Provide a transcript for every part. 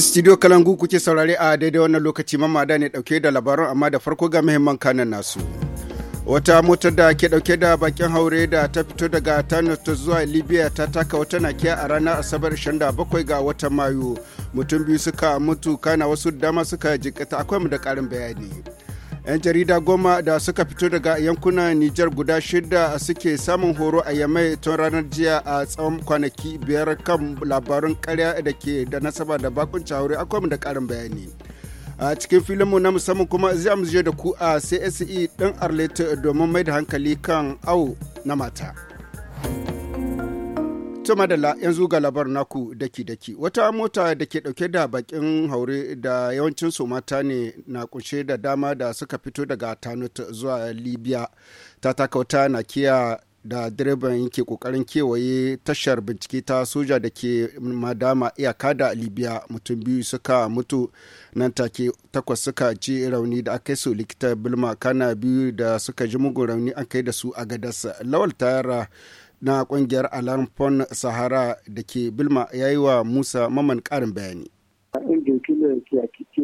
Studio Kalangu kuke saurare a daidai wannan lokaci mamada ne dauke da labaran amma da farko ga muhimman kanan nasu. Wata motar da ke dauke da bakin haure da ta fito daga ta zuwa Libya ta taka wata nakiya a ranar Asabar 27 ga watan Mayu. Mutum biyu suka mutu kana wasu dama suka jikata akwai mu da karin bayani. 'yan jarida goma da suka fito daga yankunan nijar guda shida suke samun horo a yamai tun ranar jiya a tsawon kwanaki biyar kan labarun karya da ke da nasaba da bakun a akwai da karin bayani a cikin filinmu na musamman kuma zai amuje da ku a cse ɗin arleta domin mai da hankali kan au na mata. To madalla yanzu ga labar naku daki-daki. Wata mota da ke dauke da bakin haure da yawancin su mata ne na kunshe da dama da suka fito daga Tanut zuwa Libya. Ta wata na kiya da direban yake kokarin kewaye tashar bincike ta soja da ke madama iyaka da libya mutum biyu suka mutu nan take takwas suka ji rauni da aka su likita bilma kana biyu da suka ji mugun rauni an kai da su a gadas lawal tayara na kungiyar alamfon sahara da ke bilma ya yi wa musa maman karin bayani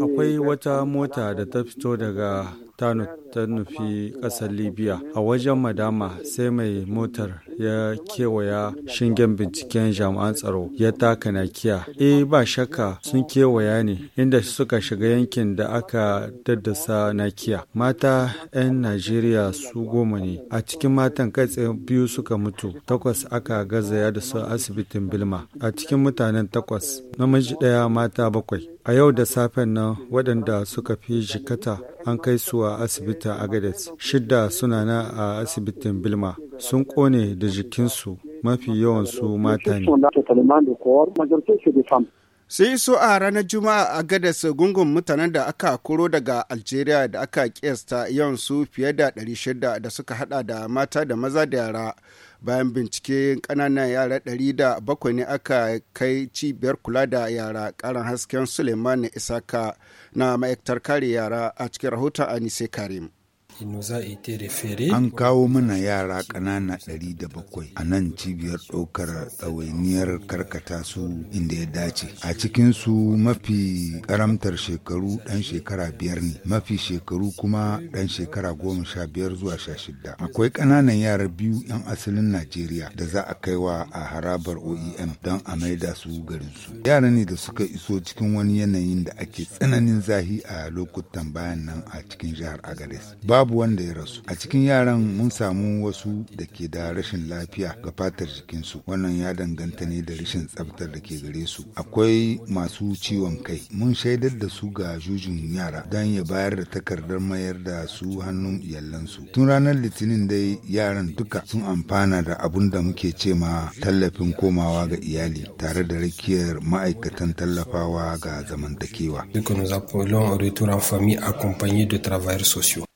Akwai wata mota da ta fito daga ta nufi ƙasar Libya. A wajen Madama sai mai motar ya kewaya shingen binciken jami'an tsaro ya taka nakiya. E ba shakka sun kewaya ne inda suka shiga yankin da aka daddasa nakiya. Mata 'yan Najeriya su goma ne. A cikin matan kai biyu suka mutu, takwas aka gazaya da su asibitin Bilma. A cikin mutanen takwas, namiji ɗaya mata bakwai. A yau da safen nan waɗanda suka fi jikata an kai su a asibitin Agadez. Shidda suna na a asibitin Bilma. Sun ƙone da jikinsu mafi yawansu mata ne. Sai iso a ranar Juma'a a gadas gungun mutanen da aka koro daga Algeria da aka kiyasta yawan su fiye da 600 da suka hada da mata da maza da yara bayan bincike kananan yara ɗari da bakwai ne aka kai cibiyar kula da yara ƙarin hasken suleiman isaka na ma'aikatar kare yara a cikin rahoton anise karim An kawo mana yara ƙanana 700 a nan cibiyar ɗaukar tsawainiyar karkata su inda ya dace. A cikinsu mafi ƙaramtar shekaru ɗan shekara biyar ne, mafi shekaru kuma ɗan shekara goma sha biyar zuwa sha shida. Akwai ƙananan yara biyu 'yan asalin Najeriya da za a kaiwa a harabar OEM don a maida su garinsu. Yara ne da suka iso cikin wani yanayin da ake tsananin zahi a lokutan bayan nan a cikin jihar Agades. Babu babu wanda ya rasu. A cikin yaran mun samu wasu da ke da rashin lafiya ga fatar jikinsu. Wannan ya danganta ne da rashin tsabtar da ke gare su. Akwai masu ciwon kai. Mun shaidar da su ga jujin yara don ya bayar da takardar mayar da su hannun iyalansu. Tun ranar Litinin dai yaran duka sun amfana da abun da muke ce ma tallafin komawa ga iyali tare da rakiyar ma'aikatan tallafawa ga zamantakewa. Duk nous appelons au retour en famille accompagné de travailleurs sociaux.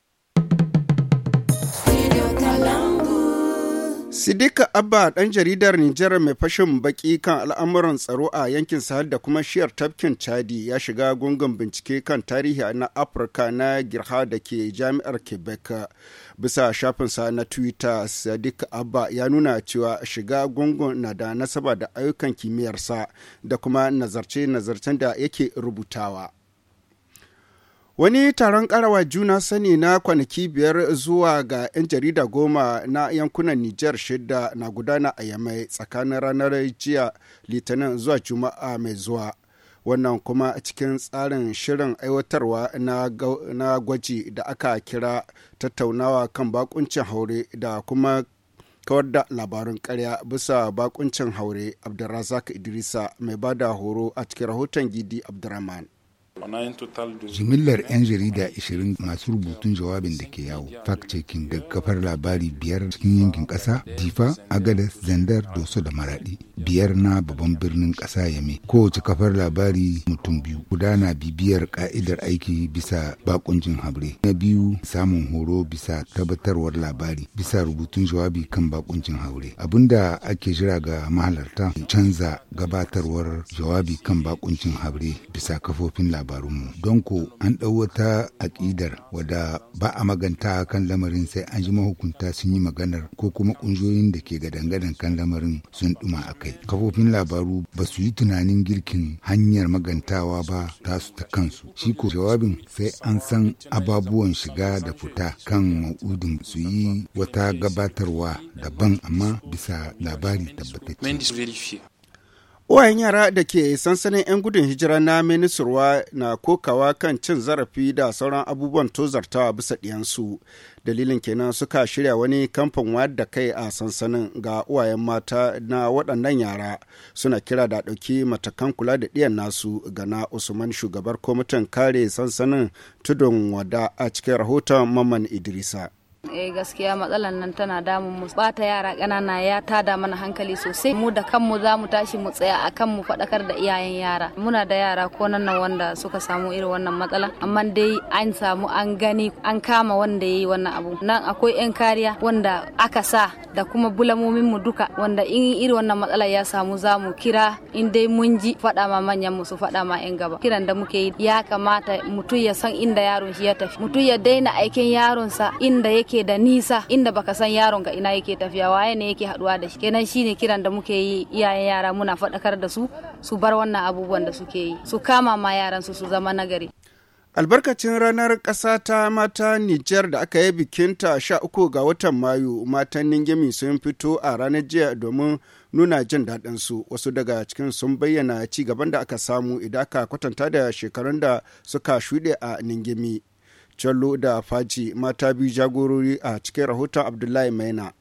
Sidika Abba ɗan jaridar Nijar mai fashin baki kan al'amuran tsaro a yankin Sahel da kuma shiyar tafkin Chadi ya shiga gungun bincike kan tarihi na Afirka na Girha da ke jami'ar Quebec. Bisa shafinsa na Twitter, Sidika Abba ya nuna cewa shiga gungun na da nasaba da ayyukan kimiyyarsa da kuma nazarce-nazarcen da yake rubutawa. Wani taron karawa juna sani na kwanaki biyar zuwa ga 'yan jarida goma na yankunan Nijar shida na gudana a Yamai tsakanin ranar jiya Litinin zuwa Juma'a mai zuwa. Wannan kuma cikin tsarin shirin aiwatarwa na gwaji da aka kira tattaunawa kan bakuncin haure da kuma kawar da labarun karya bisa bakuncin haure Abdulrazak Idrisa mai bada horo a cikin rahoton Gidi Abdurrahman. Jimillar 'yan jarida 20 masu rubutun jawabin da ke yawo, fact-checking kafar labari biyar cikin yankin ƙasa, Difa, Agadas, Zandar, Doso da maradi. biyar na babban birnin ƙasa Yame. Kowace kafar labari mutum biyu, guda na bibiyar ka'idar aiki bisa bakuncin habre. Na biyu samun horo bisa tabbatarwar labari bisa rubutun jawabi kan bakuncin haure. da ake jira ga mahalarta canza gabatarwar jawabi kan bakuncin habre bisa kafofin labari. dabarunmu don ko an ɗau wata aƙidar wadda ba a maganta kan lamarin sai an ji mahukunta sun yi maganar ko kuma ƙungiyoyin da ke gadangadan kan lamarin sun ɗuma a kai kafofin labaru ba su yi tunanin girkin hanyar magantawa ba ta su ta kansu shi ko jawabin sai an san ababuwan shiga da fita kan ma'udin su yi wata gabatarwa daban amma bisa labari tabbatacce Uwayen yara da ke sansanin 'yan gudun hijira na Minisurwa na kokawa kan cin zarafi da sauran abubuwan tozartawa bisa ɗiyansu. Dalilin kenan suka shirya wani kamfan wayar da kai a sansanin ga uwayen mata na waɗannan yara suna kira da ɗauki matakan kula da ɗiyan nasu gana Usman shugabar kwamitin kare sansanin tudun wada a cikin rahoton mamman Idrisa. eh gaskiya matsalan nan tana damun mu bata yara kanana ya tada mana hankali sosai mu da kanmu za mu tashi mu tsaya a kan faɗakar da iyayen yara muna da yara ko nan wanda suka samu irin wannan matsala amma dai an samu an gani an kama wanda yayi wannan abu nan akwai yan kariya wanda aka sa da kuma bulamomin mu duka wanda in irin wannan matsala ya samu za mu kira in dai mun ji faɗa ma manyan mu su faɗa ma yan gaba kiran da muke yi ya kamata mutum ya san inda yaron shi ya tafi mutum ya daina aikin yaron sa inda yake ke da nisa inda baka san yaron ga ina yake tafiya waye ne yake haduwa da shi kenan shine kiran da muke yi iyayen yara muna faɗakar da su su bar wannan abubuwan da suke yi su kama ma yaran su su zama nagari albarkacin ranar ƙasa ta mata Nijar da aka yi bikinta uku ga watan Mayu matan Ningimi sun fito a ranar jiya domin nuna jin daɗin su wasu daga cikin sun bayyana ci gaban da aka samu idan aka kwatanta da shekarun da suka shuɗe a Ningimi. Jallo da Faji mata biyu jagorori a cikin rahoton Abdullahi Maina.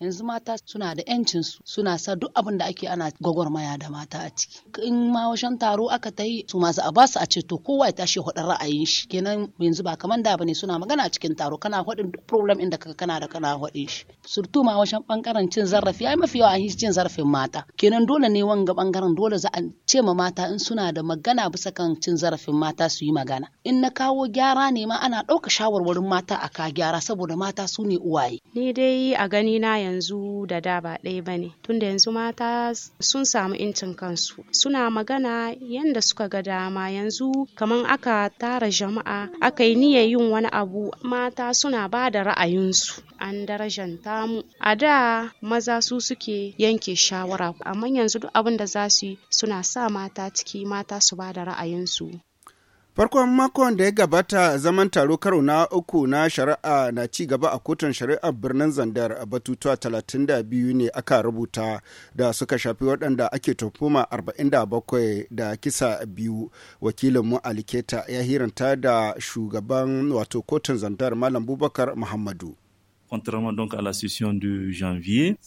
yanzu mata suna da yancin su suna sa duk abin da ake ana gwagwarmaya da mata a ciki in ma wajen taro aka ta yi su masu abasu a ce to kowa ya tashi hudar ra'ayin shi kenan yanzu ba kamar da bane suna magana a cikin taro kana hudin duk problem inda ka kana da kana hudin shi surtu ma wajen bangaren cin zarafi yi mafi yawa a cin zarafin mata kenan dole ne wanga bangaren dole za a ce ma mata in suna da magana bisa kan cin zarafin mata su yi magana in na kawo gyara ne ma ana ɗauka shawarwarin mata a ka gyara saboda mata su ne uwaye ni dai a gani na yanzu da da ba ɗaya ba ne tunda yanzu mata sun samu incin kansu suna magana yadda suka ga dama yanzu kamar aka tara jama'a aka yi niyyar yin wani abu mata suna ba da ra'ayinsu an darajanta mu a da maza su suke yanke shawara amma yanzu duk abin da za su yi suna sa mata ciki mata su ba da ra'ayinsu Farkon makon da ya gabata zaman taro karo na uku na shari'a na ci gaba a kotun shari'a birnin Zandar a batutuwa 32 ne aka rubuta da suka shafi waɗanda ake tuhuma 47 da kisa biyu. wakilin mu Aliketa ya hiranta da shugaban wato kotun Zandar Malam Bubakar Muhammadu.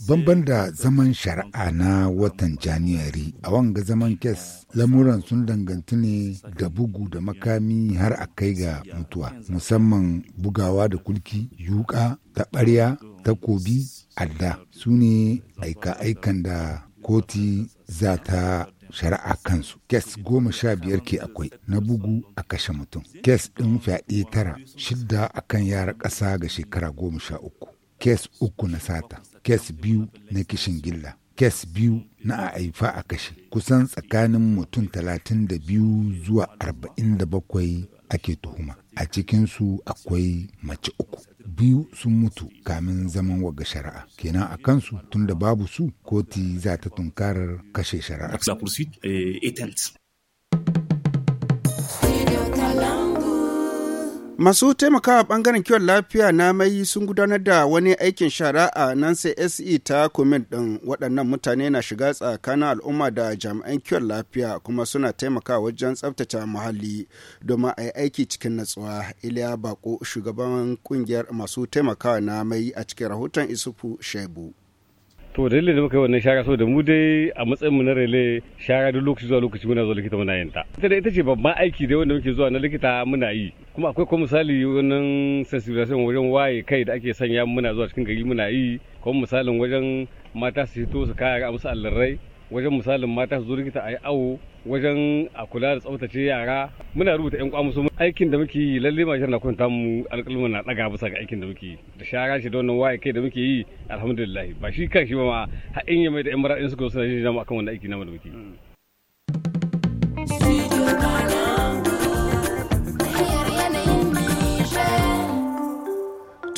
Banban da zaman shari'a na watan Janairu a wanga zaman kes lamuran sun danganci ne da bugu da makami har a kai ga mutuwa musamman bugawa da kulki yuka taɓarya takobi adda su ne aika-aikan da koti za ta shari'a kansu kes goma sha biyar ke akwai na bugu a kashe mutum kes ɗin fyaɗe tara shidda akan yara ƙasa ga shekara goma sha uku kes uku na sata kes biyu na kishin gilla kes biyu na a a kashe kusan tsakanin mutum talatin da biyu zuwa arba'in da bakwai ake tuhuma a cikinsu akwai mace uku biyu sun mutu kamin zaman waga shari'a kenan a kansu tunda babu su koti za ta tunkarar kashe shari'a Masu taimakawa bangaren kiwon lafiya na mai sun gudanar da wani aikin shara a nan sai SE ta kumin ɗin waɗannan mutane na shiga tsakanin al'umma da jami'an kiwon lafiya kuma suna taimakawa wajen tsaftace muhalli domin a yi aiki cikin natsuwa. Iliya Bako shugaban kungiyar masu taimakawa na mai a cikin rahoton Isufu Shebu. to dalilin da muka yi wannan shara saboda mu dai a matsayin mu na rele shara duk lokaci zuwa lokaci muna zuwa likita muna yin ta ita dai ita ce babban aiki da wanda muke zuwa na likita muna yi kuma akwai kuma misali wannan sensibilisation wajen waye kai da ake sanya muna zuwa cikin gari muna yi kuma misalin wajen mata su fito su kaya a musu allarai wajen misalin mata su zo likita a yi awo wajen a kula da tsaftace yara muna rubuta yan kwamusu aikin da muke yi lalle mashar na kwanta mu alƙalmin na ɗaga bisa ga aikin da muke yi da shara shi da wannan waye kai da muke yi alhamdulillah ba shi kan shi ba ma har in ya mai da yan su suka suna shi a akan wannan aiki na mu da muke yi.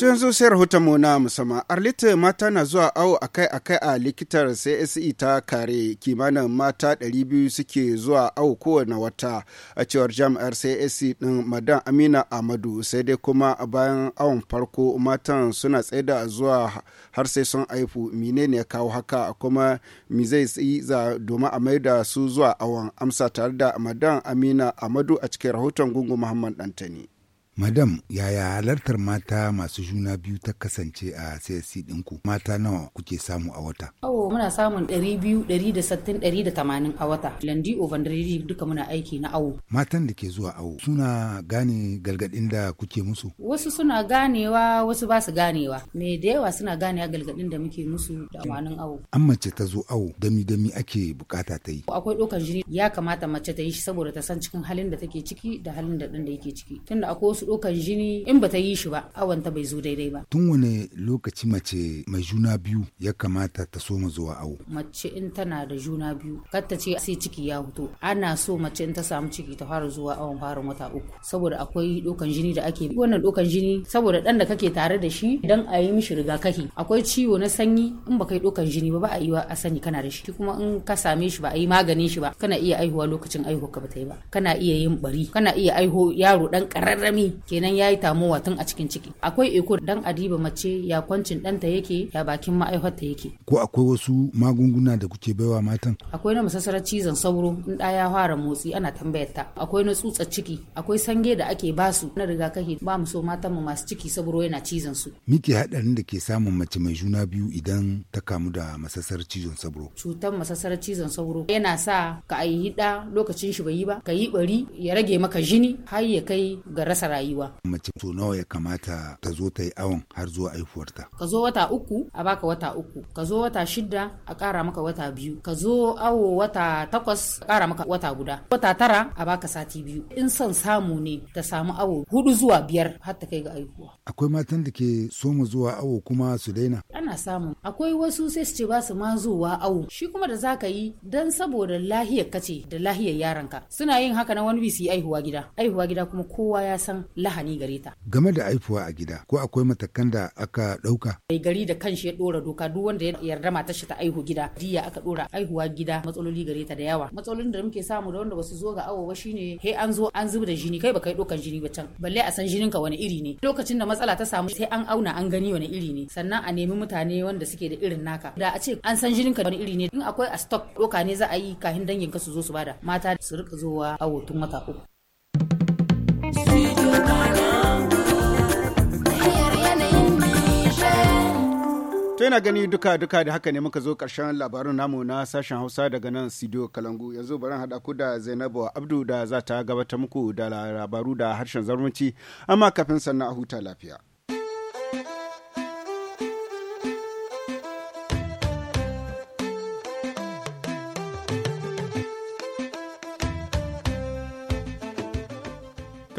tun yanzu sai mu na musamman Arlita mata na zuwa awo akai-akai a likitar CSE ta kare kimanin mata 200 suke zuwa awo kowane wata a cewar jami'ar CSE din Madan Amina Amadu sai dai kuma bayan awon farko matan suna tsaida zuwa har sai sun aifu mine ne kawo haka kuma mi zai za domin a mai da su zuwa awon amsa tare da Madan Amina Amadu a cikin rahoton gungun Muhammad Dantani. Madam, yaya halartar mata masu juna biyu ta kasance a CSC ɗinku? Mata nawa kuke samu a wata? Awo, muna samun 260 180 a wata. Landi Ovandredi duka muna aiki na awo. Matan da ke zuwa awo suna gane galgadin da kuke musu? Wasu suna ganewa, wasu ba su ganewa. Me da yawa suna ganewa galgadin da muke musu da amanin awo. An mace ta zo awo, dami-dami ake bukata ta yi. Akwai ɗaukar jini ya kamata mace ta yi shi saboda ta san cikin halin da take ciki da halin da ɗan da yake ciki. Tunda akwai ɗaukar jini in ba ta yi shi ba awanta bai zo daidai ba tun wane lokaci mace mai juna biyu ya kamata ta so zuwa awo mace in tana da juna biyu kar ta ce sai ciki ya fito ana so mace in ta samu ciki ta fara zuwa awon farin wata uku saboda akwai ɗaukan jini da ake wannan ɗaukan jini saboda ɗan da kake tare da shi dan a yi mishi rigakafi akwai ciwo na sanyi in ba kai ɗaukan jini ba ba a yi wa a sani kana da shi kuma in ka same shi ba a yi maganin shi ba kana iya aihuwa lokacin aihuwa ka ta yi ba kana iya yin bari kana iya aiho yaro dan kararrami kenan ya yi tamowa tun a cikin ciki akwai iko dan adiba mace ya kwancin danta yake ya bakin ma'aikata yake ko akwai wasu magunguna da kuke baiwa matan akwai na masassarar cizon sauro in da ya fara motsi ana tambayar ta akwai na tsutsa ciki akwai sange da ake basu na rigakafi ba mu so matan mu masu ciki sauro yana cizon su miki hadarin da ke samun mace mai juna biyu idan ta kamu da masassarar cizon sauro cutar masassarar cizon sauro yana sa ka ayi hida lokacin shi bai yi ba ka yi bari ya rage maka jini har ya kai ga rasa rayuwa. Mace to nawa ya kamata ta zo ta yi awon har zuwa aihuwarta. Ka zo wata uku a baka wata uku, ka zo wata shida a ƙara maka wata biyu, ka zo awo wata takwas a ƙara maka wata guda, wata tara a baka sati biyu. In son samu ne ta samu awo hudu zuwa biyar har ta kai ga aihuwa. Akwai matan da ke so mu zuwa awo kuma su daina. Ana samun akwai wasu sai su ce ba su ma zuwa awo shi kuma da za ka yi don saboda lahiyar kace da lahiyar yaranka suna yin haka na wani bisi aihuwa gida aihuwa gida kuma kowa ya san lahani gare ta game da aifuwa a gida ko akwai matakan da aka ɗauka. mai gari da kanshi ya ɗora doka duk wanda ya yarda matar shi ta aihu gida diya aka dora aihuwa gida matsaloli gare ta da yawa matsalolin da muke samu da wanda basu zo ga awo ba shine he an zo an zuba da jini kai ba kai dokan jini ba can balle a san jinin ka wani iri ne lokacin da matsala ta samu sai an auna an gani wani iri ne sannan a nemi mutane wanda suke da irin naka da a ce an san jinin ka wani iri ne in akwai a stock doka ne za a yi kahin dangin ka su zo su bada mata su rika zuwa awo tun wata uku To yana gani duka duka da haka ne muka zo karshen labarin namu na sashen Hausa daga nan Sidiyo Kalangu. Yanzu bari hada ku da Zainabu Abdu da za ta gabatar muku da labaru da harshen zarunci amma kafin sannan a huta lafiya.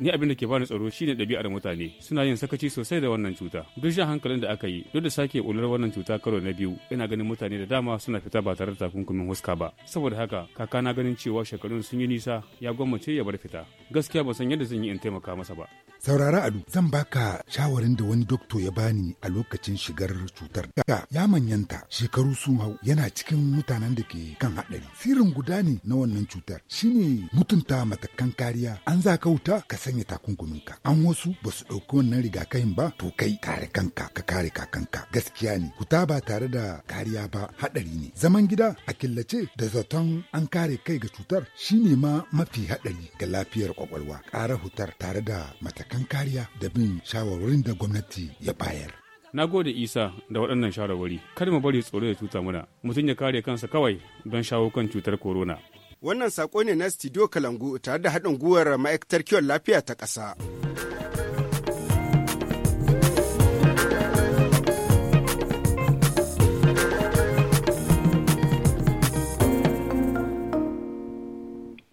ni abin da ke bani tsaro shine ɗabi'ar mutane suna yin sakaci sosai da wannan cuta duk jan hankalin da aka yi duk da sake ular wannan cuta karo na biyu ina ganin mutane da dama suna fita ba tare da takunkumin huska ba saboda haka kaka na ganin cewa shekarun sun yi nisa ya gwammace ya bar fita gaskiya ba san yadda zan yi in taimaka masa ba saurara adu zan baka shawarin da wani dokto ya bani a lokacin shigar cutar da. ya manyanta shekaru sun hau yana cikin mutanen da ke kan haɗari sirrin guda ne na wannan cutar shine mutunta matakan kariya an za ka wuta ka sanya takunkumin ka an wasu ba su ɗauki wannan rigakafin ba to kai kare kanka ka kare kakanka gaskiya ne kuta ba tare da kariya ba haɗari ne zaman gida a killace da zaton an kare kai ga cutar shine ma mafi haɗari ga lafiyar kwakwalwa ƙara hutar tare da matakan kariya da bin shawarwarin da gwamnati ya bayar na gode isa da waɗannan shawarwari kada mu bari tsoro da cuta mana mutum ya kare kansa kawai don shawo kan cutar corona Wannan saƙo ne na Studio Kalangu tare da haɗin gwiwar ma'aikatar kiwon lafiya ta ƙasa.